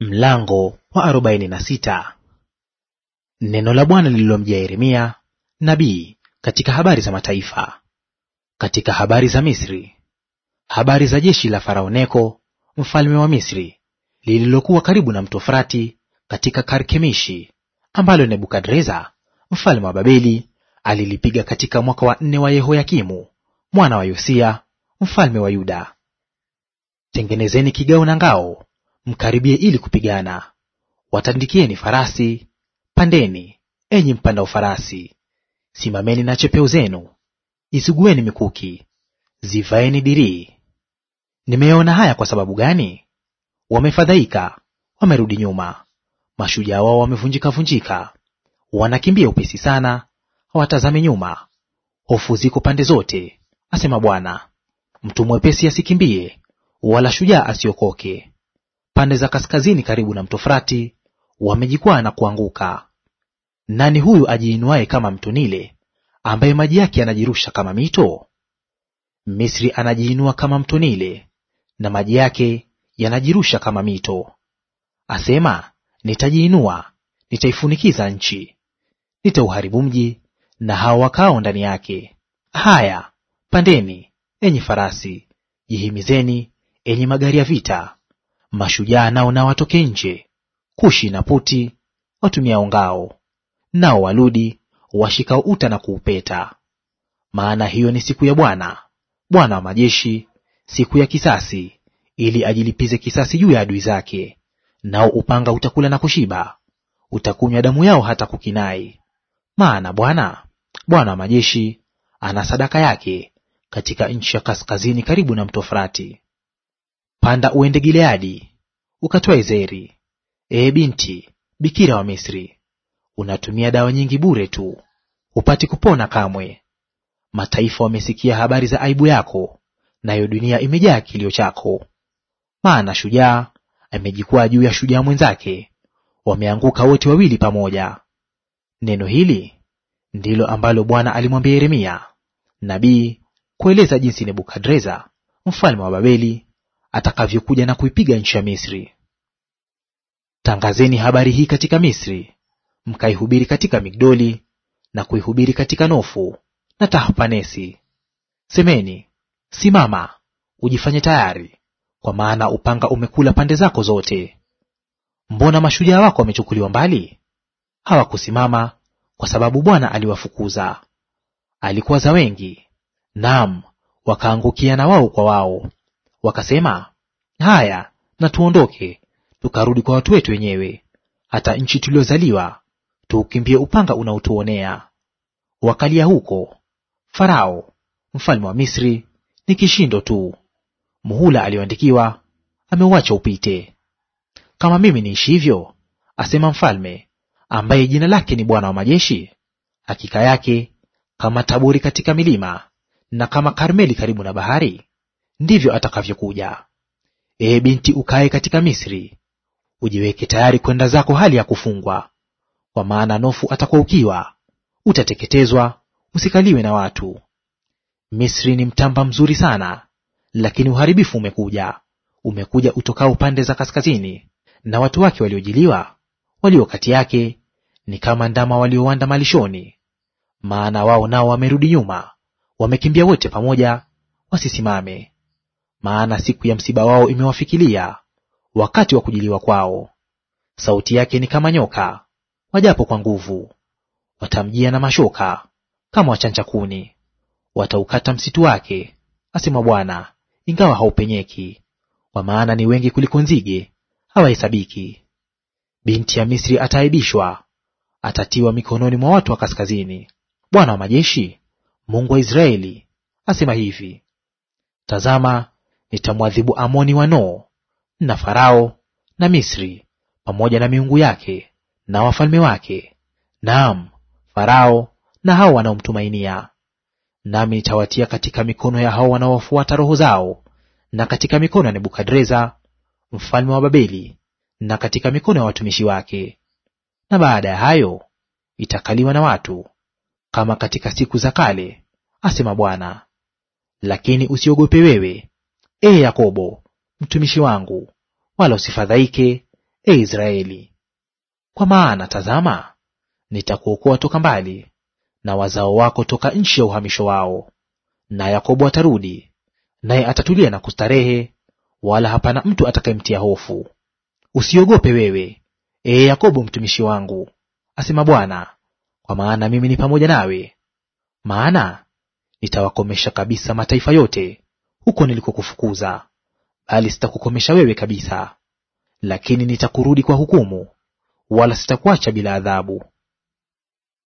Mlango wa arobaini na sita. Neno la Bwana lililomjia Yeremia nabii katika habari za mataifa, katika habari za Misri, habari za jeshi la Farao Neko mfalme wa Misri lililokuwa karibu na mto Frati katika Karkemishi, ambalo Nebukadreza mfalme wa Babeli alilipiga katika mwaka wa nne wa Yehoyakimu mwana wa Yosia mfalme wa Yuda. Tengenezeni kigao na ngao mkaribie ili kupigana. Watandikieni farasi, pandeni, enyi mpandao farasi; simameni na chepeo zenu, isugueni mikuki, zivaeni dirii. nimeona haya kwa sababu gani? Wamefadhaika, wamerudi nyuma, mashujaa wao wamevunjika-vunjika, wanakimbia upesi sana, hawatazame nyuma. Hofu ziko pande zote, asema Bwana. Mtu mwepesi asikimbie, wala shujaa asiokoke pande za kaskazini karibu na mto Frati wamejikwaa na kuanguka. Nani huyu ajiinuaye kama mto Nile, ambaye maji yake yanajirusha kama mito? Misri anajiinua kama mto Nile, na maji yake yanajirusha kama mito. Asema, nitajiinua, nitaifunikiza nchi, nitauharibu mji na hao wakao ndani yake. Haya, pandeni enyi farasi, jihimizeni enyi magari ya vita, Mashujaa nao na watoke nje, Kushi na Puti watumiao ngao, nao Waludi washikao uta na kuupeta. Maana hiyo ni siku ya Bwana, Bwana wa majeshi, siku ya kisasi, ili ajilipize kisasi juu ya adui zake. Nao upanga utakula na kushiba, utakunywa damu yao hata kukinai. Maana Bwana, Bwana wa majeshi, ana sadaka yake katika nchi ya kaskazini karibu na mto Frati panda uende Gileadi, ukatwae zeri. Ee binti bikira wa Misri, unatumia dawa nyingi bure tu, hupati kupona kamwe. Mataifa wamesikia habari za aibu yako, nayo dunia imejaa kilio chako. Maana shujaa amejikwaa juu ya shujaa mwenzake, wameanguka wote wawili pamoja. Neno hili ndilo ambalo Bwana alimwambia Yeremia nabii kueleza jinsi Nebukadreza mfalme wa Babeli atakavyokuja na kuipiga nchi ya Misri. Tangazeni habari hii katika Misri, mkaihubiri katika Migdoli na kuihubiri katika Nofu na Tahpanesi. Semeni, simama, ujifanye tayari, kwa maana upanga umekula pande zako zote. Mbona mashujaa wako wamechukuliwa mbali? Hawakusimama, kwa sababu Bwana aliwafukuza. Alikuwa za wengi, naam, wakaangukia na wao kwa wao. Wakasema, haya na tuondoke, tukarudi kwa watu wetu wenyewe, hata nchi tuliozaliwa, tuukimbie upanga unaotuonea. Wakalia huko, Farao mfalme wa Misri ni kishindo tu, muhula aliyoandikiwa ameuacha upite. Kama mimi hivyo asema mfalme, ambaye jina lake ni Bwana wa majeshi, hakika yake kama Tabori katika milima na kama Karmeli karibu na bahari, ndivyo atakavyokuja. Ee binti, ukae katika Misri, ujiweke tayari kwenda zako hali ya kufungwa, kwa maana Nofu atakuwa ukiwa, utateketezwa, usikaliwe na watu. Misri ni mtamba mzuri sana, lakini uharibifu umekuja, umekuja utokao pande za kaskazini, na watu wake waliojiliwa walio kati yake ni kama ndama waliowanda malishoni. Maana wao nao wamerudi nyuma, wamekimbia wote pamoja, wasisimame maana siku ya msiba wao imewafikilia, wakati wa kujiliwa kwao. Sauti yake ni kama nyoka wajapo kwa nguvu, watamjia na mashoka kama wachanja kuni. Wataukata msitu wake, asema Bwana, ingawa haupenyeki, kwa maana ni wengi kuliko nzige, hawahesabiki. Binti ya Misri ataaibishwa, atatiwa mikononi mwa watu wa kaskazini. Bwana wa majeshi, Mungu wa Israeli, asema hivi: Tazama, nitamwadhibu Amoni wa Noo na Farao na Misri pamoja na miungu yake na wafalme wake, naam Farao na hao wanaomtumainia. Nami nitawatia katika mikono ya hao wanaowafuata roho zao, na katika mikono ya Nebukadreza mfalme wa Babeli, na katika mikono ya watumishi wake. Na baada ya hayo itakaliwa na watu kama katika siku za kale, asema Bwana. Lakini usiogope wewe, e Yakobo mtumishi wangu, wala usifadhaike, e Israeli. Kwa maana tazama, nitakuokoa toka mbali na wazao wako toka nchi ya uhamisho wao, na Yakobo atarudi naye atatulia na kustarehe, wala hapana mtu atakayemtia hofu. Usiogope wewe, ee Yakobo mtumishi wangu, asema Bwana, kwa maana mimi ni pamoja nawe, maana nitawakomesha kabisa mataifa yote huko nilikokufukuza, bali sitakukomesha wewe kabisa, lakini nitakurudi kwa hukumu, wala sitakuacha bila adhabu.